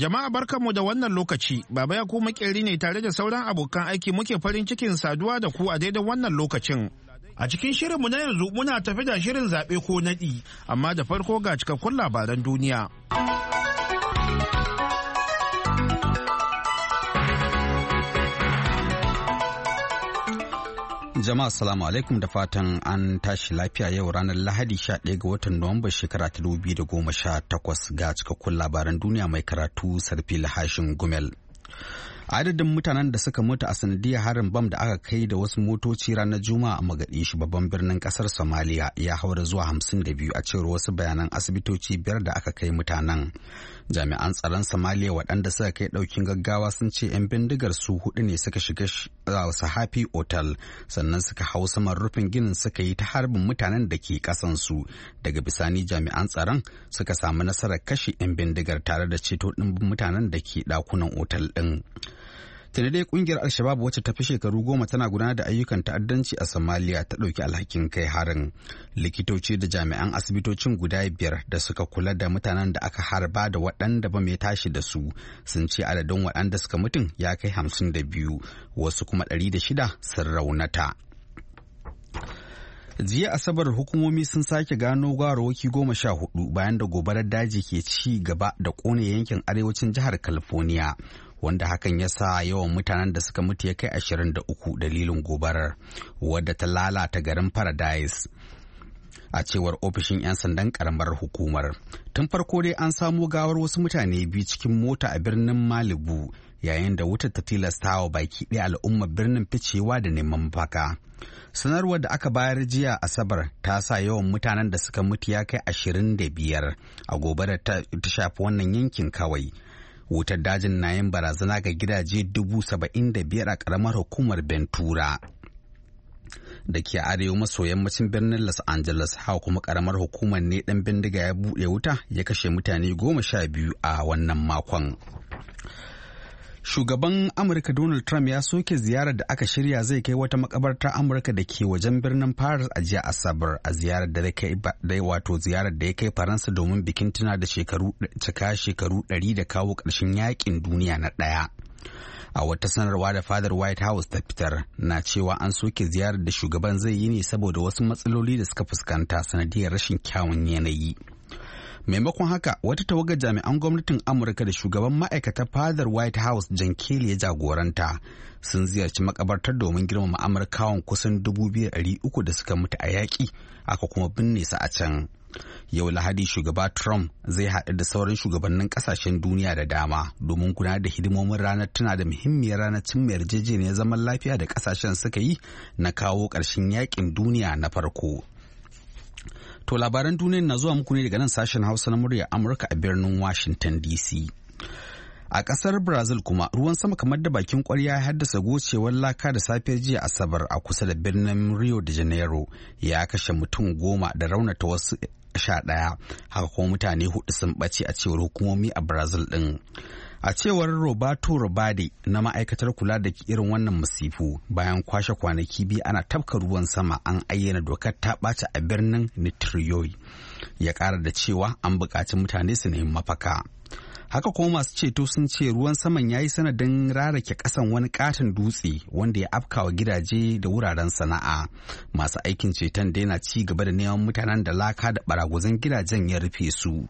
Jama'a barkanmu da wannan lokaci, Baba ya kuma makeri ne tare da sauran abokan aiki muke farin cikin saduwa da ku a daidai wannan lokacin. A cikin shirinmu na yanzu muna tafi da shirin zaɓe ko naɗi, amma da farko ga cikakkun labaran duniya. Jama'a salamu alaikum da fatan an tashi lafiya yau ranar Lahadi 11 ga watan Nuwamba shekara ta takwas ga cikakkun labaran duniya mai karatu sarfi lahashin gumel. Adadin mutanen da suka mutu a sanadiyar harin bam da aka kai da wasu motoci ranar Juma'a a shi babban birnin kasar Somalia ya haura zuwa hamsin da biyu a cewar wasu bayanan asibitoci biyar da aka kai mutanen. jami'an tsaron somaliya waɗanda suka kai ɗaukin gaggawa sun ce 'yan bindigar su hudu ne suka shiga sahafi otal sannan suka hau saman rufin ginin suka yi ta harbin mutanen da ke kasansu daga bisani jami'an tsaron suka samu nasarar kashe 'yan bindigar tare da ceto ɗin mutanen da ke ɗakunan otal ɗin tana dai kungiyar al-shabab wacce ta fi shekaru goma tana gudanar da ayyukan ta'addanci a somalia ta ɗauki alhakin kai harin likitoci da jami'an asibitocin guda biyar da suka kula da mutanen da aka harba da waɗanda ba mai tashi da su sun ce adadin waɗanda suka mutum ya kai hamsin da biyu wasu kuma ɗari da shida sun raunata jiya asabar hukumomi sun sake gano gawarwaki goma sha hudu bayan da gobarar daji ke ci gaba da kone yankin arewacin jihar california wanda hakan ya sa yawan mutanen da suka mutu ya kai uku dalilin gobarar wadda ta lalata garin paradise a cewar ofishin 'yan sandan karamar hukumar tun farko dai an samo gawar wasu mutane biyu cikin mota a birnin malibu yayin da wutar ta tilasta wa baki ɗaya al'umma birnin ficewa da neman mafaka sanarwar da aka bayar jiya asabar ta sa yawan mutanen da suka mutu ya kai ashirin da biyar a gobarar ta shafi wannan yankin kawai wutar dajin na yin barazana ga gidaje dubu saba'in da biyar a karamar hukumar bentura da ke arewa maso yammacin birnin los angeles hawa kuma karamar hukumar ne dan bindiga ya buɗe wuta ya kashe mutane goma sha biyu a wannan makon Shugaban Amurka Donald Trump ya soke ziyarar da aka shirya zai kai wata makabartar Amurka da ke wajen birnin Paris a jiya Asabar a ziyarar da ya wato ziyarar da ya kai Faransa domin bikin tuna da shekaru cika shekaru 100 da kawo ƙarshen yakin duniya na ɗaya. A wata sanarwa da fadar White House ta fitar na cewa an soke ziyarar da shugaban zai yi ne saboda wasu matsaloli da suka fuskanta sanadiyar rashin kyawun yanayi. maimakon haka wata tawagar jami'an gwamnatin amurka da shugaban ma'aikatar fadar white house john kelly ya jagoranta sun ziyarci makabartar domin girmama amurkawan kusan 2,300 da suka mutu a yaƙi aka kuma binne su a can yau lahadi shugaba trump zai haɗu da sauran shugabannin ƙasashen duniya da dama domin gudanar da hidimomin ranar tuna da muhimmiyar ranar cin yarjejeniyar zaman lafiya da ƙasashen suka yi na kawo ƙarshen yaƙin duniya na farko To labaran duniya na zuwa muku ne daga nan sashen Hausa na murya Amurka a birnin Washington DC. A ƙasar Brazil kuma ruwan sama kamar da bakin kwarya ya haddasa gocewar laka da safiyar jiya Asabar a kusa da birnin Rio de Janeiro ya kashe mutum goma da raunata wasu sha ɗaya haka kuma mutane hudu sun ɓace a cewar hukumomi a Brazil ɗin. A cewar Roberto Robade na ma'aikatar kula da irin wannan masifu bayan kwashe kwanaki biyu ana tafka ruwan sama an ayyana dokar ta ɓaci a birnin Nitriyoyi. Ya ƙara da cewa an buƙaci mutane su nemi mafaka. Haka kuma masu ceto sun ce ruwan saman ya yi sanadin rarake ƙasan wani ƙaton dutse wanda ya afkawa gidaje da wuraren sana'a. Masu aikin ceton dai na ci gaba da neman mutanen da laka da baragwazon gidajen ya rufe su.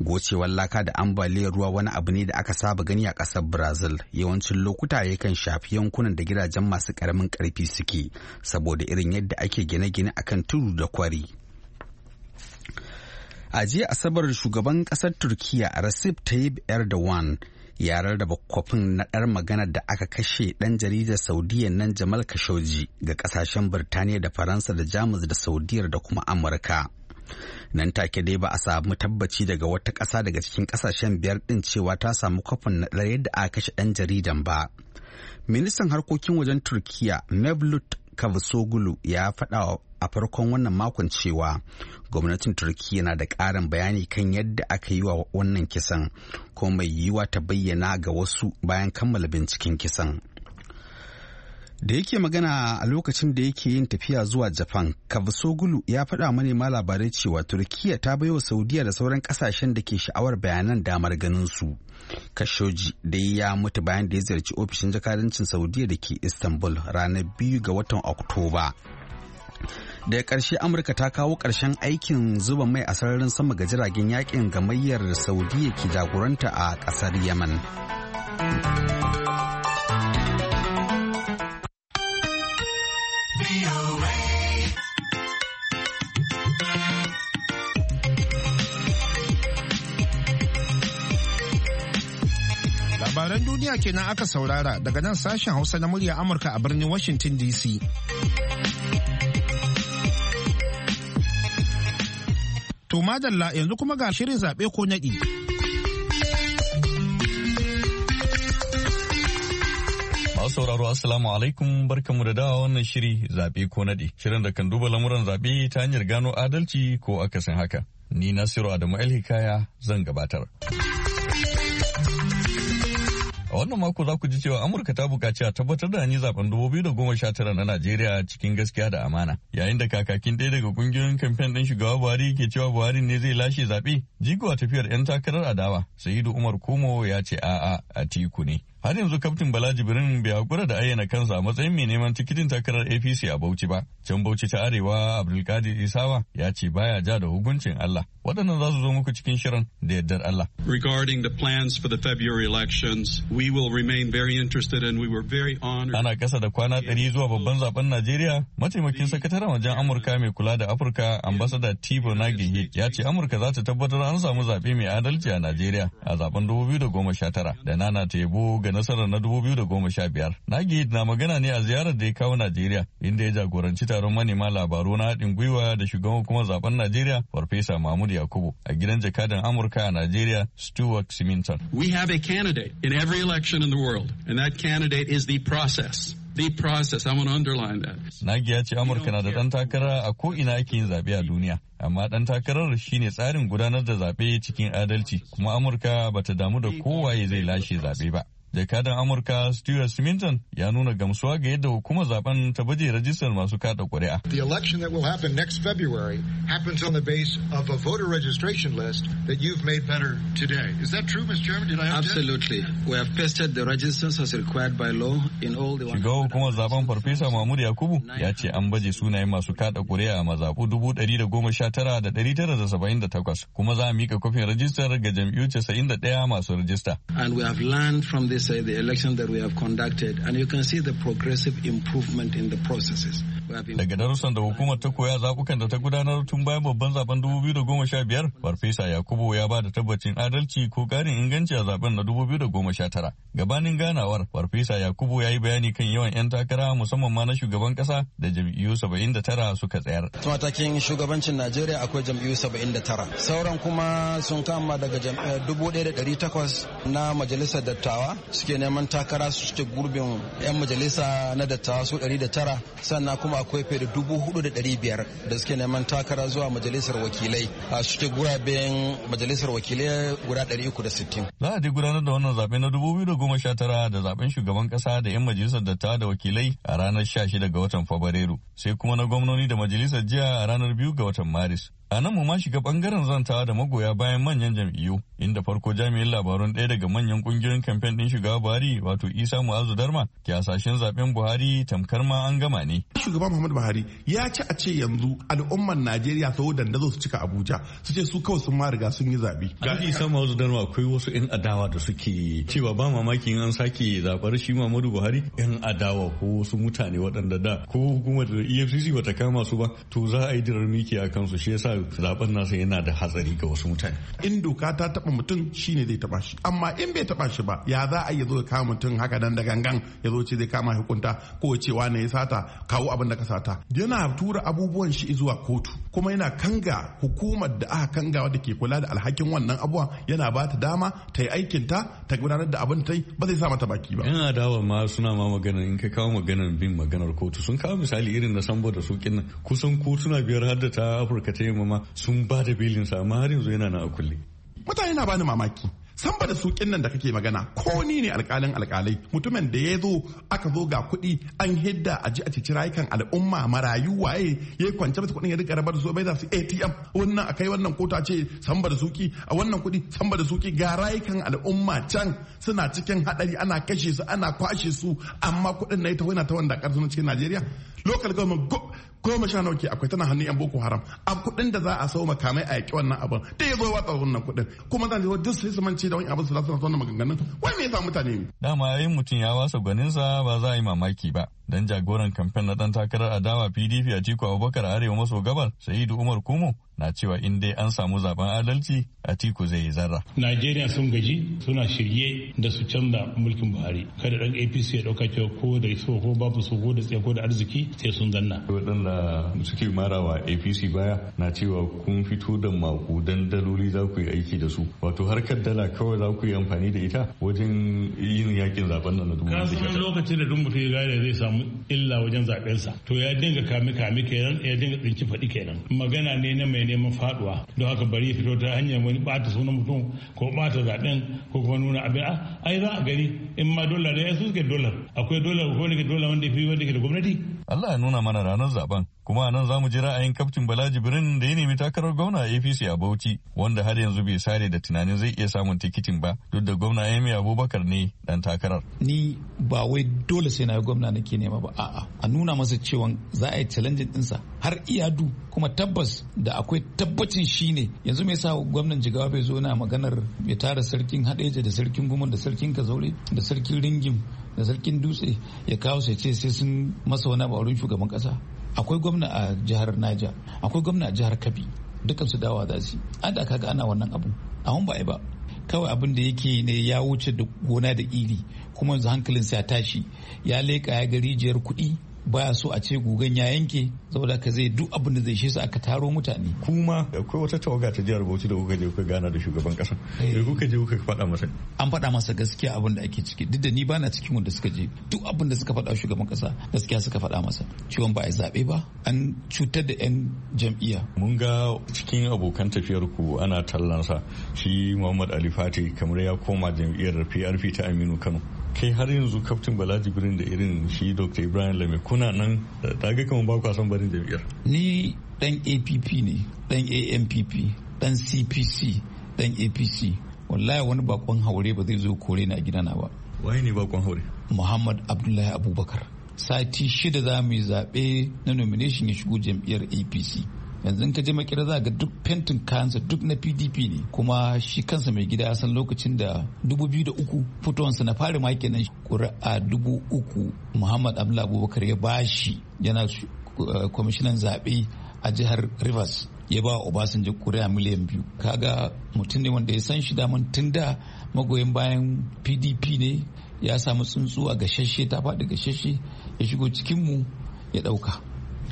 gocewar laka da ambaliyar ruwa wani abu ne da aka saba gani a ƙasar brazil yawancin lokuta yakan shafi yankunan da gidajen masu ƙaramin ƙarfi suke saboda irin yadda ake gine-gine akan tudu da kwari a jiya asabar shugaban ƙasar turkiya recep tayyip erdogan ya rarraba kwafin na ɗar magana da aka kashe ɗan jaridar saudiya nan jamal khashoggi ga ƙasashen birtaniya da faransa da jamus da saudiyar da kuma amurka nan take dai ba a samu tabbaci daga wata ƙasa daga cikin ƙasashen biyar ɗin cewa ta samu kwafin na yadda aka kashe ɗan jaridan ba ministan harkokin wajen turkiya mevlut kavusoglu ya faɗa a farkon wannan makon cewa gwamnatin turkiya na da ƙarin bayani kan yadda aka yi wa wannan kisan Kuma mai yiwa ta bayyana ga wasu bayan kammala binciken kisan. da yake magana a lokacin da yake yin tafiya zuwa japan kabusogulu ya faɗa manema labarai cewa turkiya ta baiwa saudiya da sauran kasashen da ke sha'awar bayanan damar ganin su kashoji da ya mutu bayan da ya ziyarci ofishin jakadancin saudiya da ke istanbul ranar biyu ga watan oktoba daga ƙarshe amurka ta kawo ƙarshen aikin zuba mai a sararin sama ga jiragen yakin gamayyar saudiya ke jagoranta a ƙasar yaman duniya kenan aka saurara daga nan sashen Hausa na murya Amurka a birnin Washington DC. To madalla yanzu kuma ga shirin zaɓe ko naɗi. Masu sauraro Assalamu alaikum barkamu da dawa wannan shiri zabe ko naɗi. Shirin da kan duba lamuran zabe ta hanyar gano adalci ko akasin haka. Ni Nasiru Adamu alhikaya zan gabatar. A wannan mako za ku ji cewa Amurka ta buƙaci a tabbatar da hanyar zaben 2019 na Najeriya cikin gaskiya da amana. Yayin da kakakin ɗaya daga kungiyoyin kamfen ɗin shugaba Buhari ke cewa Buhari ne zai lashe zaɓe, jigowa tafiyar 'yan takarar adawa, Sa'idu Umar Kumo ya ce a'a a tiku ne. har yanzu kaftin bala jibrin bai hakura da ayyana kansa a matsayin mai neman tikitin takarar apc a bauchi ba can bauchi ta arewa abdulkadir isawa ya ce baya ja da hukuncin allah waɗannan za su zo muku cikin shirin da yardar allah regarding the plans for the february elections we will remain very interested and we were very honored ana kasa da kwana ɗari zuwa babban zaben najeriya mataimakin sakataren wajen amurka mai kula da afirka ambasada tibo nagihi ya ce amurka za ta tabbatar an samu zaɓe mai adalci a najeriya a zaben biyu da goma sha tara da nana ta ga nasarar na 2015. Nagi na magana ne a ziyarar da ya kawo Najeriya inda ya jagoranci taron manema labaru na haɗin gwiwa da shugaban kuma zaben Najeriya Farfesa Mahmud Yakubu a gidan jakadan Amurka a Najeriya Stuart Simington. We have a candidate in every election in the world and that candidate is the process. the process. I want to underline that. Nagi ya ce Amurka na da ɗan takara a ko ina ake yin zaɓe a duniya, amma ɗan takarar shine tsarin gudanar da zaɓe cikin adalci, kuma Amurka ba ta damu da kowaye zai lashe zaɓe ba. jakadan amurka stuart smithson ya nuna gamsuwa ga yadda hukumar zaben ta baje rajistar masu kada kuri'a the election that will happen next february happens on the base of a voter registration list that you've made better today is that true mr chairman did i absolutely we have pasted the registers as required by law in all the shiga hukumar zaben farfesa mahmud yakubu ya ce an baje sunayen masu kada kuri'a a mazafu dubu ɗari da goma sha tara da ɗari tara da saba'in da takwas kuma za a mika kofin rajistar ga jam'iyyu casa'in da ɗaya masu rajista and we have learned from this say, the election that we have conducted, and you can see the progressive improvement in the processes. Daga darussan da hukumar ta koya zabukan da ta gudanar tun bayan babban zaben 2015, Farfesa Yakubu ya ba da tabbacin adalci ko ƙarin inganci a zaben na 2019. Gabanin ganawar, Farfesa Yakubu ya yi bayani kan yawan 'yan takara musamman ma na shugaban ƙasa da jam'iyyu 79 suka tsayar. Matakin shugabancin Najeriya akwai jam'iyyu 79. Sauran kuma sun kama daga 1,800 eh, na majalisar dattawa suke neman takara su cike gurbin 'yan majalisa na dattawa su 109 sannan kuma akwai fiye da dubu hudu da ɗari biyar da suke neman takara zuwa majalisar wakilai a suke guraben majalisar wakilai guda ɗari uku da sittin. Za a je gudanar da wannan zaɓe na dubu biyu da goma sha tara da zaɓen shugaban ƙasa da 'yan majalisar dattawa da wakilai a ranar sha shida ga watan Fabrairu sai kuma na gwamnoni da majalisar jiya a ranar biyu ga watan Maris. A nan mu ma shiga bangaren zantawa da magoya bayan manyan jam'iyyu inda farko jami'in labarun ɗaya daga manyan kungiyoyin kamfen ɗin shiga Buhari wato Isa Mu'azu Darma ke hasashen zaben Buhari tamkar ma an gama ne. Shugaban Muhammadu Buhari ya ci a ce yanzu al'ummar Najeriya sau da zo su cika Abuja su ce su kawai sun ma riga sun yi zaɓe. Ga Isa Mu'azu Darma akwai wasu 'yan adawa da suke cewa ba mamaki an sake zaɓar shi Muhammadu Buhari 'yan adawa ko wasu mutane waɗanda da ko hukumar da EFCC bata kama su ba to za a yi dirar miki a kansu shi yasa zaben nasa yana da hatsari ga wasu mutane in doka ta taba mutum shine zai taba shi amma in bai taba shi ba ya za a yi zo kama mutum haka dan da gangan ya zo ce zai kama hukunta ko cewa ne ya sata kawo abin da ka sata yana tura abubuwan shi zuwa kotu kuma yana kanga hukumar da aka kanga wadda ke kula da alhakin wannan abuwa yana ba ta dama ta yi aikin ta ta gudanar da abin ta yi ba zai sa mata baki ba yana dawa ma suna ma magana in ka kawo maganar bin maganar kotu sun kawo misali irin na sambo da sukin nan kusan kotuna biyar har da ta afirka ta yi noma sun ba da belin sa amma har yanzu yana na a kulle mutane na bani mamaki san ba da sukin nan da kake magana ko ni ne alkalin alkalai mutumin da ya zo aka zo ga kuɗi an hidda a ji a cici rayukan al'umma marayu waye ya kwance masa kuɗin ya rika rabar su bai za su ATM wannan akai wannan kota ce san ba da suki a wannan kuɗi san ba da suki ga rayukan al'umma can suna cikin hadari ana kashe su ana kwashe su amma kuɗin na ita wani ta wanda ƙarfin cikin Najeriya local government goma sha nauke akwai tana hannun yan boko haram a kuɗin da za a sau makamai a yaƙi wannan abin da ya zo watsa wannan kuɗin kuma zan zo duk sai su mance da wani abin su za na wannan maganganun wai me yasa mutane ne. dama yayin mutum ya wasa gwaninsa ba za a yi mamaki ba dan jagoran kamfen na dan takarar adawa pdp a tiku abubakar arewa maso gabar sa'idu umar kumo na cewa in dai an samu zaben adalci a tiku zai yi zarra. Najeriya sun gaji suna shirye da su canza mulkin Buhari. Kada dan APC ya dauka cewa ko da so ko babu su ko da tsaye ko da arziki sai sun zanna. suke marawa apc baya na cewa kun fito da makudan daloli za ku yi aiki da su wato harkar dala kawai za ku yi amfani da ita wajen yin yakin zaben nan na dubu ka san lokacin da dumbutu ya gane zai samu illa wajen zaben sa to ya dinga kame kame kenan ya dinga tsinci faɗi kenan magana ne na mai neman faduwa don haka bari ya fito ta hanyar wani bata sunan mutum ko bata zaben ko kuma nuna abin a ah, ai za a gani in ma dola ne ya suke dola akwai dola ko ne dola wanda ya fi wanda ke da gwamnati Allah ya nuna mana ranar zaben Kuma a nan za mu ji ra'ayin kaftin Balaji Jibrin da ya nemi takarar gwamna APC a Bauchi wanda har yanzu bai sare da tunanin zai iya samun tikitin ba duk da gwamna Yemi Abubakar ne dan takarar. Ni ba wai dole sai na yi gwamna nake nema ba a'a a nuna masa cewa za a yi challenge dinsa har iyadu kuma tabbas da akwai tabbacin shi ne yanzu me yasa gwamnan jigawa bai zo na maganar ya tara sarkin haɗeja da sarkin goma da sarkin kazaure da sarkin ringim da sarkin dutse ya kawo sai ce sai sun masa wani wurin shugaban kasa akwai gwamna a jihar naja akwai gwamna a jihar kabi dukkan su dawa za su an da kaga ana wannan abu hun ba ba kawai abin da yake ne ya wuce da gona da iri kuma yanzu hankalin sa tashi ya leka ya ga rijiyar kuɗi baya so a ce gugan ya yanke saboda ka zai duk abin da zai shi su aka taro mutane kuma akwai wata tawaga ta jihar Bauchi da kuka je kuka gana da shugaban kasa da eh. kuka je kuka faɗa masa an faɗa masa gaskiya abin da ake ciki duk da ni bana cikin wanda suka je duk abin da suka faɗa shugaban kasa gaskiya suka faɗa masa ciwon ba a zaɓe ba an cutar da yan jam'iyya mun ga cikin abokan tafiyar ku ana tallansa shi Muhammad Ali Fati kamar ya koma jam'iyyar PRP ta Aminu Kano kai har yanzu kaftin bala jibrin da irin shi dr ibrahim lame kuna nan eh, ta ga kamar ba ku san barin jam'iyyar ni dan app ne dan ampp dan cpc dan apc wallahi wani bakon haure ba zai zo kore na gidana ba waye ne bakon haure muhammad abdullahi abubakar sati shida za mu yi zaɓe na nomination ya shigo jam'iyyar apc yanzu in ka je makera za ga duk fentin kayansa duk na pdp ne kuma shi kansa mai gida ya san lokacin da 2003 fitowansa na fari ma kenan ƙuri'a 3000 muhammad abdullahi abubakar ya bashi yana eh, kwamishinan zaɓe a jihar rivers ya ba obasanjo kuri'a miliyan biyu kaga mutum ne wanda ya san shi daman tun da magoyin bayan pdp ne ya samu tsuntsu a gashashe ta faɗi gashashe ya shigo cikinmu ya ɗauka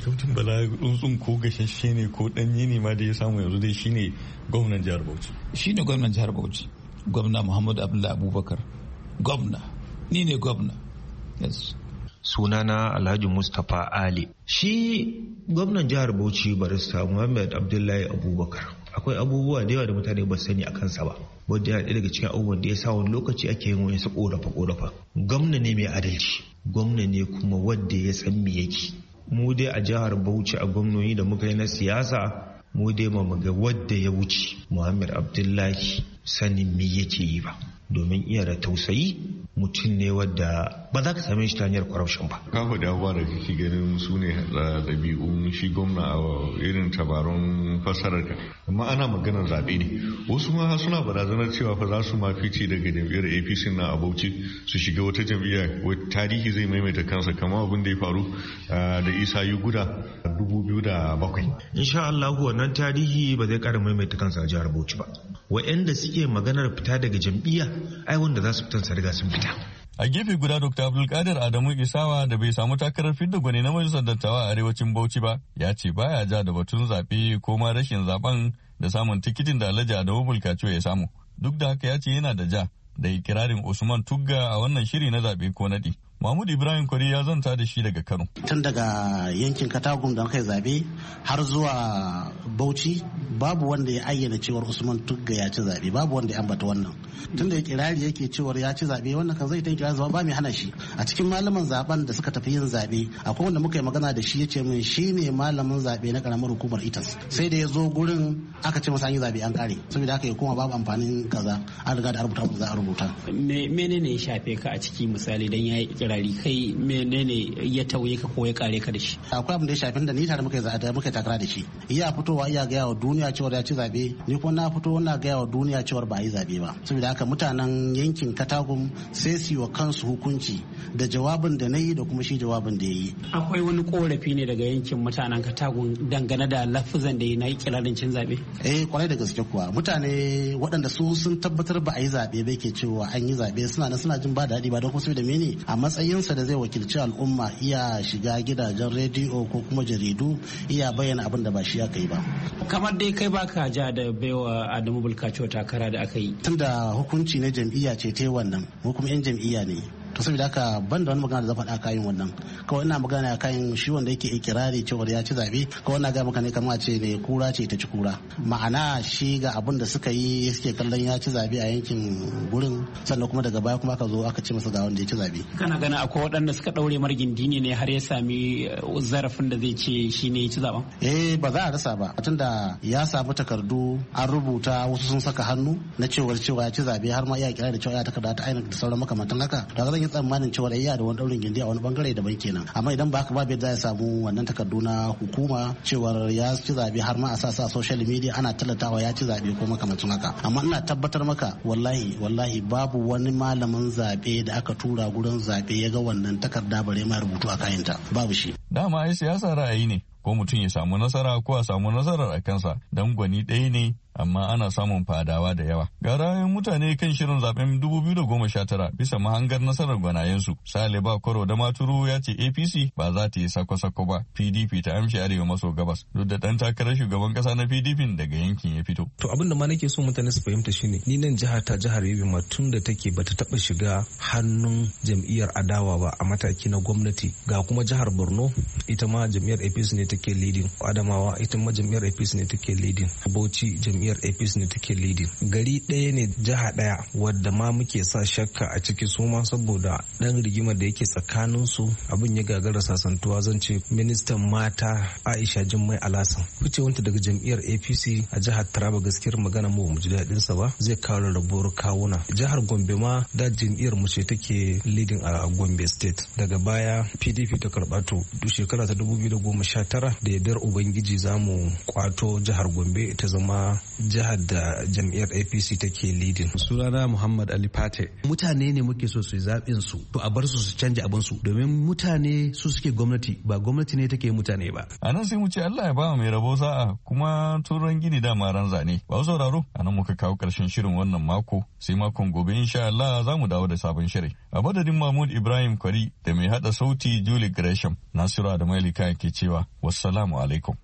kyautin bala tsuntsun ko gashashe ne ko ɗanye ne ma da ya samu yanzu dai shine gwamnan jihar bauchi shine gwamnan jihar bauchi gwamna muhammadu abdullahi abubakar gwamna ni ne gwamna yes sunana alhaji mustapha ali shi gwamnan jihar bauchi barista muhammad abdullahi abubakar akwai abubuwa da yawa da mutane ba sani a kansa ba wanda yana daga cikin abubuwan da ya sa wani lokaci ake yin wani korafa korafa gwamna ne mai adalci gwamna ne kuma wanda ya san me yake mu dai a jihar bauchi a gwamnoni da muka yi na siyasa mu dai ma mu ga wadda ya wuce muhammad abdullahi sanin me yake yi ba domin iya da tausayi mutum ne wadda ba za ka same shi ta hanyar kwarafshin ba. Kafa da abubuwa da kake ganin su ne ɗabi'un shi gwamna a irin tabarun fasarar ka. Amma ana maganar zaɓe ne. Wasu ma suna barazanar cewa fa za su ma fice daga jam'iyyar APC na a Bauchi su shiga wata jam'iyya tarihi zai maimaita kansa kamar abin da ya faru da Isa Yuguda dubu biyu da bakwai. Insha Allah wannan tarihi ba zai ƙara maimaita kansa a jihar Bauchi ba. Wa'yanda suke maganar fita daga jam'iyya ai wanda za su fitan sa riga sun fita. A gefe guda Dr. Abdulkadir Adamu Isawa da bai samu takarar fidda gwani na majalisar dattawa a arewacin Bauchi ba, ya ce baya ja da batun zaɓe ko ma rashin zaben da samun tikitin da Alhaji Adamu Bulkaciyo ya samu. Duk da haka ya ce yana da ja da ikirarin Usman Tugga a wannan shiri na zaɓe ko naɗi. Mahmud Ibrahim Kwari ya zanta da shi daga Kano. Tun daga yankin Katagun da na kai zabe har zuwa Bauchi babu wanda ya ayyana cewar Usman Tugga ya ci zabe babu wanda ya ambata wannan. Tun da kirari yake cewar ya ci zabe wannan kan zai ta kirari zama ba mai hana shi. A cikin malaman zaben da suka tafi yin zabe akwai wanda muka yi magana da shi ya ce min shi ne malamin zabe na karamar hukumar ITAS. Sai da ya zo gurin aka ce masa an yi zabe an kare saboda haka ya koma babu amfanin kaza an riga da rubuta za a rubuta. Menene ya shafe ka a ciki misali dan ya yi kirari kai menene ya tauye ka ko ya kare ka da shi akwai abin da ya shafi da ni tare muka da muka takara da shi iya fitowa iya gaya wa duniya cewa ya ci zaɓe ni kuma na fito na gaya wa duniya cewa ba a yi zaɓe ba saboda haka mutanen yankin katagum sai su yi wa kansu hukunci da jawabin da na yi da kuma shi jawabin da ya yi akwai wani korafi ne daga yankin mutanen katagum dangane da lafizan da ya na kirarin cin zaɓe eh kwarai da gaske kuwa mutane waɗanda su sun tabbatar ba a yi zaɓe ba ke cewa an yi zaɓe suna nan suna jin ba daɗi ba don kuma saboda mene a matsayin matsayinsa da zai wakilci al'umma iya shiga gidajen rediyo ko kuma jaridu iya bayyana abin da ba shi ya kai ba kamar dai kai baka ja da baiwa adamu bulkacewa takara da aka yi tunda hukunci na jam'iyya ce ta wannan hukumin jam'iyya ne to saboda haka ban da wani magana da zan faɗa kayan wannan kawai ina magana kayan shi wanda yake ikirari cewa ya ci zabe kawai ina ga maka ne kamar ce ne kura ce ta ci kura ma'ana shi ga abin da suka yi suke kallon ya ci zabe a yankin gurin sannan kuma daga baya kuma aka zo aka ce masa ga wanda ya ci zabe kana gana akwai waɗanda suka ɗaure margin dini ne har ya sami uh, zarafin da zai ce shi ne ya ci zaben eh ba za a rasa ba tunda ya samu takardu an rubuta wasu sun saka hannu na cewar cewa ya ci zabe har ma iya kira da cewa ya takarda ta aina da sauran makamantan haka da zan yi tsammanin cewa da iya da wani daurin gindi a wani bangare da daban kenan amma idan ba haka ba zai samu wannan takardu na hukuma cewar ya ci zabe har ma a sa sa social media ana tallatawa ya ci zabe ko makamancin haka amma ina tabbatar maka wallahi wallahi babu wani malamin zabe da aka tura gurin zabe ya ga wannan takarda bare ma rubutu a kayanta babu shi dama ai siyasa ra'ayi ne ko mutum ya samu nasara ko a samu nasarar a kansa dan gwani ɗaya ne amma ana samun fadawa da yawa. Ga rayuwar mutane kan shirin zaben 2019 bisa mahangar nasarar gwanayensu. Sale ba Koro da Maturu ya ce APC ba za ta yi sako-sako ba. PDP ta amshi arewa maso gabas. Duk da ɗan takarar shugaban kasa na PDP daga yankin ya fito. To abin da ma nake so mutane su fahimta shine ni nan jihar ta jihar Yobe ma tun da take bata taɓa shiga hannun jam'iyyar adawa ba a mataki na gwamnati. Ga kuma jihar Borno ita ma jam'iyyar APC ne take leading. Adamawa ita ma jam'iyyar APC ne take leading. Bauchi jam'iyyar jam'iyyar apc ne take leading gari ɗaya ne jiha ɗaya wadda ma muke sa shakka a ciki su ma saboda ɗan rigimar da yake tsakanin su abin ya gagara sasantuwa zan ce ministan mata aisha jummai alasan wanta daga jam'iyyar apc a jihar taraba gaskiyar magana mu mu ji daɗin sa ba zai kawo rabuwar kawuna jihar gombe ma da jam'iyyar mu ce take leading a gombe state daga baya pdp ta karɓa to shekara ta 2019 da yardar ubangiji za mu kwato jihar gombe ta zama jihar da jam'iyyar apc take leading sunana muhammad ali fate mutane ne muke so su zaɓin su to a bar su su canja abin su domin mutane su suke gwamnati ba gwamnati ne take mutane ba a nan sai mu ce allah ya ba mai rabo sa'a kuma turan gini dama ran zane ba sauraro a nan muka kawo karshen shirin wannan mako sai makon gobe insha allah za mu dawo da sabon shirin a madadin mahmud ibrahim kwari da mai hada sauti julie gresham nasiru da mailika ke cewa wassalamu alaikum.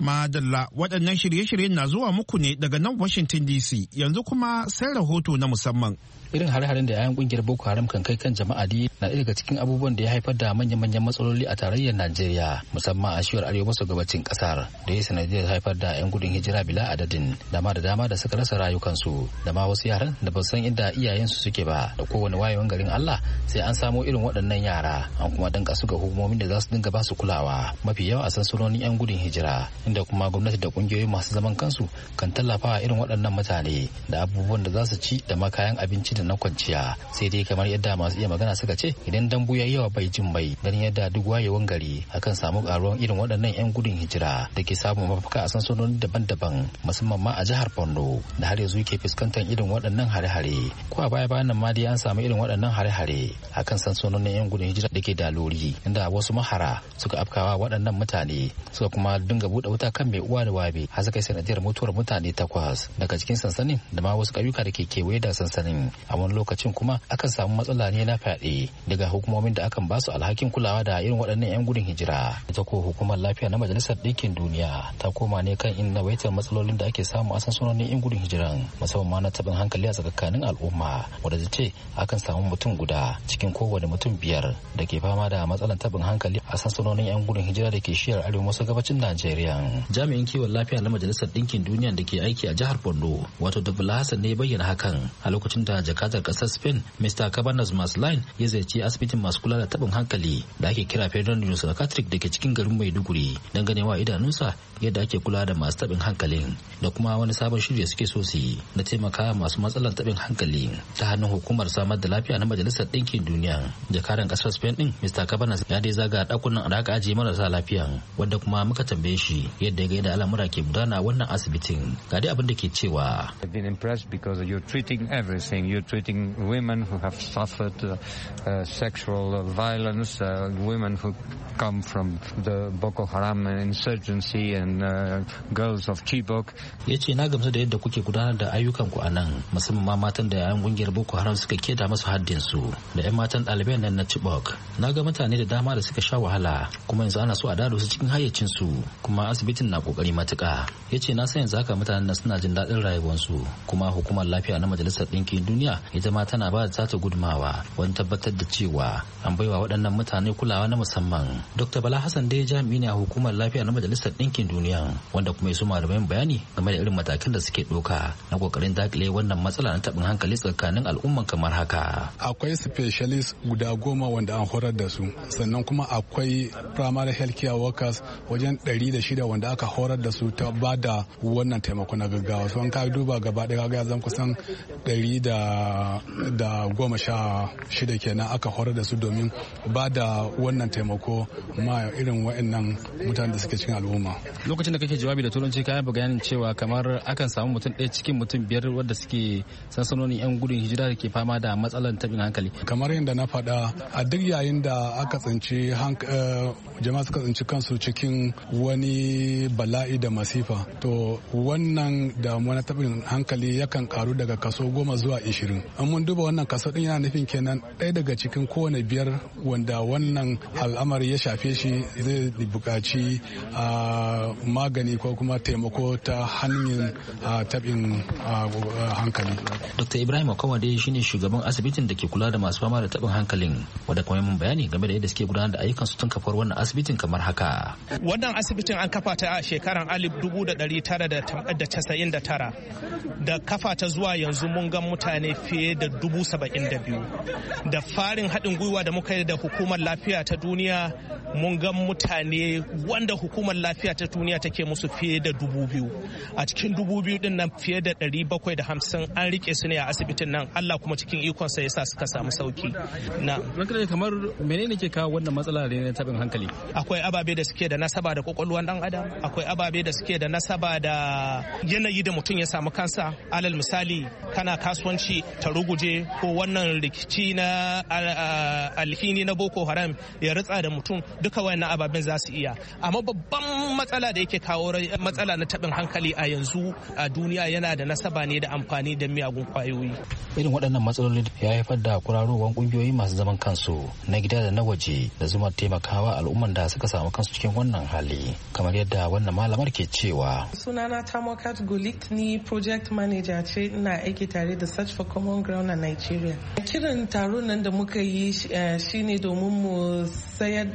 Madalla waɗannan shirye-shiryen na zuwa muku ne daga nan Washington DC yanzu kuma sai rahoto na musamman. Irin hare-haren da 'ya'yan ƙungiyar Boko Haram kan kai kan jama'a dai na ɗaya daga cikin abubuwan da ya haifar da manya-manyan matsaloli a tarayyar Najeriya musamman a shiyar arewa maso gabacin ƙasar da ya sanadiyar haifar da 'yan gudun hijira bila adadin dama da dama da suka rasa rayukansu da ma wasu yaran da ba san inda iyayensu suke ba da kowane wayewan garin Allah sai an samo irin waɗannan yara an kuma danka su ga hukumomin da za su dinga ba su kulawa mafi yawa a sansanonin 'yan gudun hijira inda kuma gwamnati da kungiyoyi masu zaman kansu kan tallafa irin waɗannan mutane da abubuwan da za su ci da makayan abinci da na kwanciya sai dai kamar yadda masu iya magana suka ce idan dambu ya yi yawa bai jin mai ganin yadda duk wayewan gari akan samu karuwan irin waɗannan 'yan gudun hijira da ke samun mafaka a sansanoni daban-daban musamman ma a jihar borno da har yanzu ke fuskantar irin waɗannan hare-hare ko a baya bayan nan ma dai an samu irin waɗannan hare-hare akan sansanonin 'yan gudun hijira da ke da lori inda wasu mahara suka afkawa waɗannan mutane suka kuma dinga buɗe wuta kan mai uwa da wabe har suka yi sanadiyar mutuwar mutane takwas daga cikin sansanin da ma wasu ƙauyuka da ke kewaye da sansanin a wani lokacin kuma akan samu matsala ne na fyaɗe daga hukumomin da akan basu alhakin kulawa da irin waɗannan 'yan gudun hijira ita ko hukumar lafiya na majalisar ɗinkin duniya ta koma ne kan na waitar matsalolin da ake samu a sansanonin 'yan gudun hijiran musamman ma na taɓin hankali a tsakanin al'umma wadda ta ce akan samu mutum guda cikin kowane mutum biyar da ke fama da matsalar taɓin hankali a sansanonin 'yan gudun hijira da ke shiyar arewa maso gabacin najeriya jami'in kiwon lafiya na majalisar ɗinkin duniya da ke aiki a jihar borno wato dubla hassan ne bayyana hakan a lokacin da jakadar ƙasar spain mr cabanas maslain ya ziyarci asibitin masu kula da tabin hankali da ake kira federal catholic da ke cikin garin maiduguri don ganewa idanunsa yadda ake kula da masu tabin hankalin da kuma wani sabon shirya suke so su yi na taimaka masu matsalar tabin hankali ta hannun hukumar samar da lafiya na majalisar ɗinkin duniya jakadan ƙasar spain ɗin mr cabanas ya dai zaga ɗakunan da aka ajiye marasa lafiyan wanda kuma muka tambaye shi yadda ya gaida al'amura ke gudana wannan asibitin ga dai abin da ke cewa I've been impressed because you're treating everything you're treating women who have suffered uh, sexual violence uh, women who come from the Boko Haram insurgency and uh, girls of Chibok yace na gamsu da yadda kuke gudanar da ayyukan ku anan musamman ma matan da yayan kungiyar Boko Haram suka keda masu haddin su da yan matan ɗalibai nan na Chibok na ga mutane da dama da suka sha wahala kuma yanzu ana so a dado su cikin hayyacin su kuma asibitin na kokari matuka ya ce na san yanzu haka mutanen nan suna jin daɗin rayuwarsu kuma hukumar lafiya na majalisar ɗinkin duniya ita ma tana ba da tata gudumawa wani tabbatar da cewa an baiwa waɗannan mutane kulawa na musamman dr bala hassan dai jami'i ne a hukumar lafiya na majalisar ɗinkin duniya wanda kuma ya suma da bayani game da irin matakan da suke ɗauka na kokarin dakile wannan matsala na taɓin hankali tsakanin al'umman kamar haka akwai specialist guda goma wanda an horar da su sannan kuma akwai primary health care workers wajen ɗari da shida wanda aka horar da su ta ba da wannan taimako na gaggawa so an ka duba gaba ɗaya ga zan kusan ɗari da goma sha shida kenan aka horar da su domin ba da wannan taimako ma irin wa'annan mutanen da suke cikin al'umma lokacin da kake jawabi da turanci kayan bayanin cewa kamar akan samu mutum ɗaya cikin mutum biyar wadda suke sansanonin 'yan gudun hijira da ke fama da matsalar tabin hankali kamar yadda na faɗa a duk yayin da aka tsinci eh, jama'a suka tsinci kansu cikin wani bala'i da masifa to wannan damuwa na tabin hankali yakan karu daga kaso goma zuwa ishirin an mun duba wannan kaso din yana nufin kenan ɗaya daga cikin kowane biyar wanda wannan al'amari ya shafe shi zai buƙaci magani ko kuma taimako ta hanyar tabin hankali dr ibrahim okawade shine shugaban asibitin da ke kula da masu fama da tabin hankalin wanda kuma mun bayani game da yadda suke gudanar da ayyukan su tun kafar wannan asibitin kamar haka wannan asibitin an kafa ta a shekaran 1999 da kafa ta zuwa yanzu mun ga mutane fiye da dubu saba'in da biyu da farin haɗin gwiwa da muka yi da hukumar lafiya ta duniya mun ga mutane wanda hukumar lafiya ta duniya take musu fiye da dubu biyu a cikin dubu biyu din nan fiye da 750 bakwai da hamsin an rike su ne a asibitin nan allah kuma cikin ikon ya sa suka samu sauki na kamar menene ke kawo wannan matsala ne na tabin hankali akwai ababe da suke da nasaba da kwakwalwan dan adam akwai ababe da suke da nasaba da yanayi da mutum ya samu kansa alal misali kana kasuwanci ta ruguje ko wannan rikici na alhini na boko haram ya ritsa da mutum duka wayannan ababen za su iya amma babban matsala da yake kawo matsala na tabin hankali a yanzu a duniya yana da nasaba ne da amfani da miyagun kwayoyi irin waɗannan matsaloli ya haifar da kurarowar ƙungiyoyi masu zaman kansu na gida da na waje da zuma taimakawa al'umman da suka samu kansu cikin wannan hali kamar yadda wannan malamar ke cewa. Sunana Tamokat gulit ni project manager ce ina aiki tare da Search for Common Ground a Nigeria. Kiran taron nan da muka yi eh, shine domin mu sayar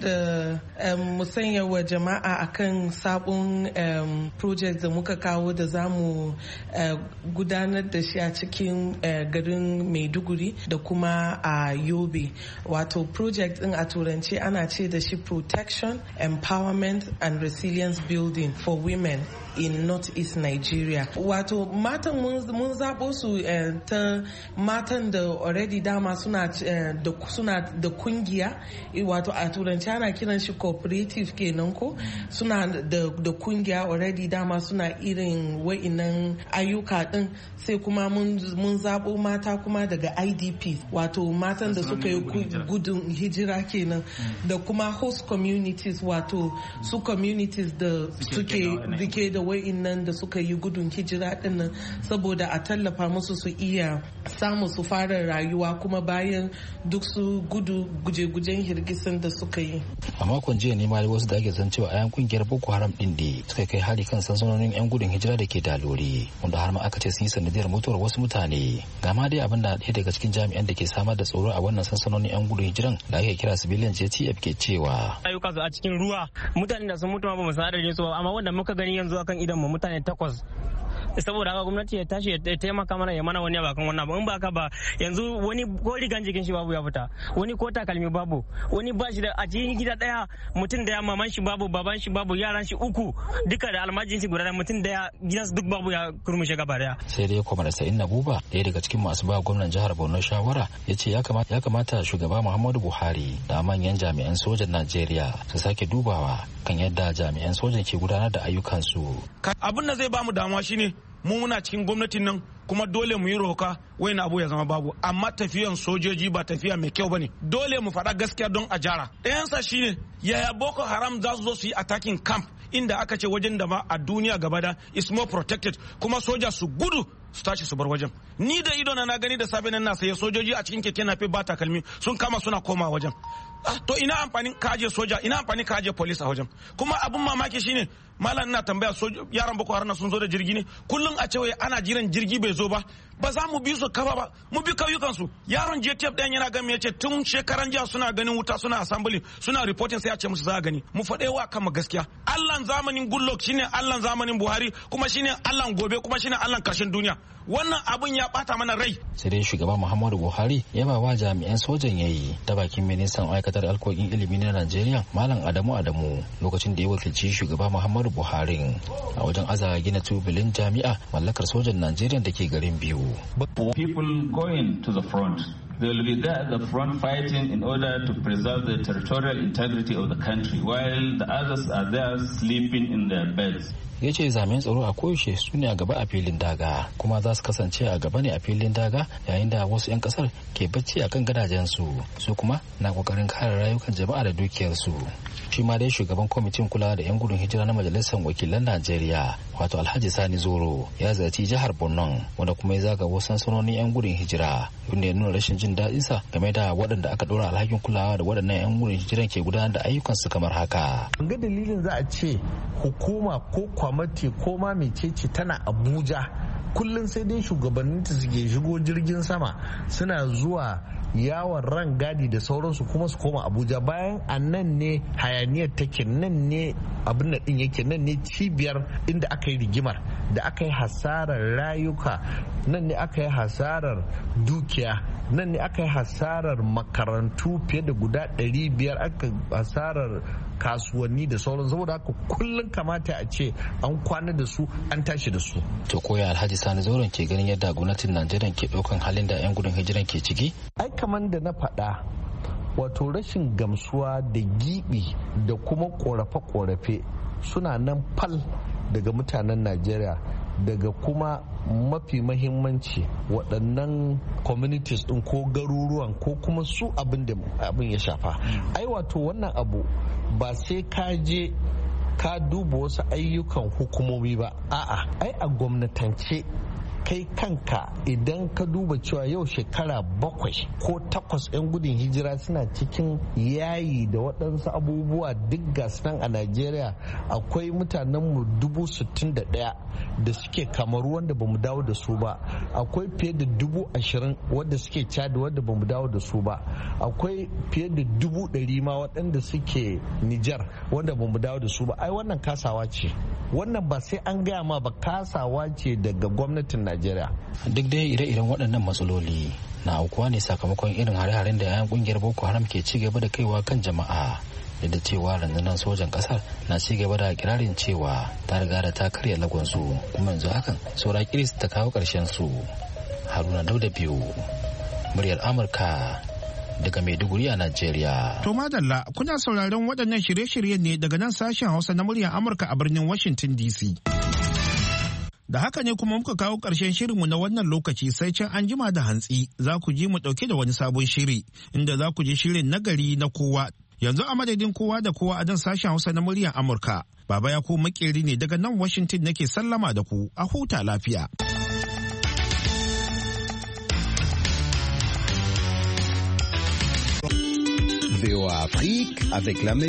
da musanya wa jama'a akan sabon project da muka kawo da za mu eh, gudanar da shi a cikin eh, garin maiduguri da kuma a yobe wato project din a turanci ana ce da shi protection empowerment and resilience building for women in northeast nigeria wato matan mun zaɓo su eh, ta matan da already dama suna da kungiya wato a turanci ana kiran shi cooperative kenan ko suna da kungiya already dama suna irin wa'inan ayyuka din sai kuma mun zabo mata kuma daga idp wato matan da suka yi gudun hijira kenan mm. da kuma host communities wato su communities da suke rike da wa'inan da suka yi gudun hijira dinnan saboda a tallafa musu su iya samu su fara rayuwa kuma bayan duk su gudu guje-gujen hirgisin da suka yi a makon jiya ne mali wasu da ake san cewa ayan kungiyar boko haram din ne suka kai hari kan sansanonin yan gudun hijira da ke dalori wanda har ma aka ce sun yi sanadiyar mutuwar wasu mutane ga ma dai abin da ɗaya daga cikin jami'an da ke samar da tsoro a wannan sansanonin yan gudun hijiran da ake kira civilian JTF ke cewa ayyuka su a cikin ruwa mutane da sun mutu ma ba mu san adadin su ba amma wanda muka gani yanzu akan idan mu mutane takwas saboda haka gwamnati ya tashi ya taimaka mana ya mana wani abakan wannan ba in ba ka ba yanzu wani ko rigan jikin shi babu ya fita wani ko takalmi babu wani ba shi da a cikin gida daya mutum daya maman shi babu baban shi babu yaran shi uku duka da almajin shi guda da mutum daya gidan duk babu ya kurmushe gaba daya sai dai kwamar sai na buba daya daga cikin masu ba gwamnan jihar borno shawara ya ce ya kamata shugaba muhammadu buhari da manyan jami'an sojan najeriya su sake dubawa kan yadda jami'an sojan ke gudanar da ayyukansu abin da zai bamu damuwa shine mu muna cikin gwamnatin nan kuma dole mu yi roka na abu ya zama babu amma tafiyan sojoji ba tafiya mai kyau bane dole mu faɗa gaskiya don a jara ɗayansa shine yaya boko haram za su zo su yi attacking camp inda aka ce wajen da ma a duniya gaba da is more protected kuma soja su gudu su tashi su bar wajen ni da ido na gani da safe nan na sai sojoji a cikin keke nafe ba takalmi sun kama suna koma wajen to ina amfanin kaje soja ina amfani kaje police a wajen kuma abun mamaki shine malam ina tambaya yaran boko na sun zo da jirgi ne kullum a cewa ana jiran jirgi bai zo ba ba za mu bi su kafa ba mu bi kauyukansu yaron jtf ɗayan yana gami ya ce tun shekaran jiya suna ganin wuta suna assembly suna reporting sai a ce musu za gani mu faɗe wa kan mu gaskiya allan zamanin gullok shine allan zamanin buhari kuma shine allan gobe kuma shine allan karshen duniya wannan abun ya bata mana rai sai dai shugaba muhammadu buhari ya ba wa jami'an sojan yayi ta bakin ministan ma'aikatar alkokin ilimi na najeriya malam adamu adamu lokacin da ya wakilci shugaba muhammadu buhari a wajen aza gina tubulin jami'a mallakar sojan najeriya da ke garin biyu People going to the front They will be there at the front fighting in order to preserve the territorial integrity of the country, while the others are there sleeping in their beds. ya ce zamen tsaro a koyaushe su ne a gaba a filin daga kuma za su kasance a gaba ne a filin daga yayin da wasu 'yan kasar ke bacci a kan gadajensu su kuma na kokarin kare rayukan jama'a da dukiyarsu shi ma dai shugaban kwamitin kula da 'yan gudun hijira na majalisar wakilan najeriya wato alhaji sani zoro ya zaci jihar borno wanda kuma ya zaga wasu sansanonin 'yan gudun hijira wanda ya nuna rashin jin daɗin sa game da waɗanda aka ɗora alhakin kulawa da waɗannan 'yan gudun hijiran ke gudanar da ayyukansu kamar haka. ga dalilin za a ce hukuma ko kwamati ko ma mecece tana abuja kullum sai dai shugabanninta suke shigo jirgin sama suna zuwa yawon ran gadi da sauransu kuma su koma abuja bayan a nan ne hayaniyar take nan ne abin din yake nan ne cibiyar inda aka yi rigimar da aka yi hasarar rayuka nan ne aka yi hasarar dukiya nan ne aka yi hasarar makarantu fiye da guda 500 aka hasarar kasuwanni da sauran saboda haka kullum kamata a ce an kwana da su an tashi da su to koya alhaji sani zauren ke ganin yadda gwamnatin najeriya ke ɗaukan halin da 'yan gudun hijiran ke ciki ai kamar da na faɗa wato rashin gamsuwa da giɓi da kuma ƙorafe korafe suna nan fal daga mutanen najeriya daga kuma mafi mahimmanci waɗannan communities ɗin ko garuruwan ko kuma su abin da abin ya shafa ai wato wannan abu ba sai ka je ka duba wasu ayyukan hukumomi ba a'a ai a gwamnatance kai kanka idan ka duba cewa yau shekara bakwai ko takwas 'yan gudun hijira suna cikin yayi da waɗansu abubuwa duk gasnan a najeriya akwai mutanenmu dubu sittin da ɗaya da suke kamaru wanda bamu dawo da su ba akwai fiye da dubu ashirin wanda suke cadi wanda bamu dawo da su ba akwai fiye da dubu ɗari ma waɗanda suke nijar wanda bamu dawo da su ba ai wannan kasawa ce wannan ba sai an gaya ma ba kasawa ce daga gwamnatin najeriya najeriya duk dai ire-iren waɗannan matsaloli na aukuwa ne sakamakon irin hare-haren da 'ya'yan kungiyar boko haram ke ci gaba da kaiwa kan jama'a da cewa rundunar sojan kasar na ci gaba da kirarin cewa ta riga da ta karya lagonsu kuma yanzu hakan saura kiris ta kawo karshen su haruna dauda biyu muryar amurka daga maiduguri a najeriya to madalla kuna sauraron waɗannan shirye-shiryen ne daga nan sashen hausa na muryar amurka a birnin washington dc Da haka ne kuma muka kawo ƙarshen shirinmu na wannan lokaci sai can an jima da hantsi za ku ji mu ɗauke da wani sabon shiri inda za ku ji shirin nagari na kowa. Yanzu a madadin kowa da kowa a dan sashen Hausa na muryar Amurka. Baba ya ko makeri ne daga nan Washington nake sallama da ku a huta lafiya. Afrique avec la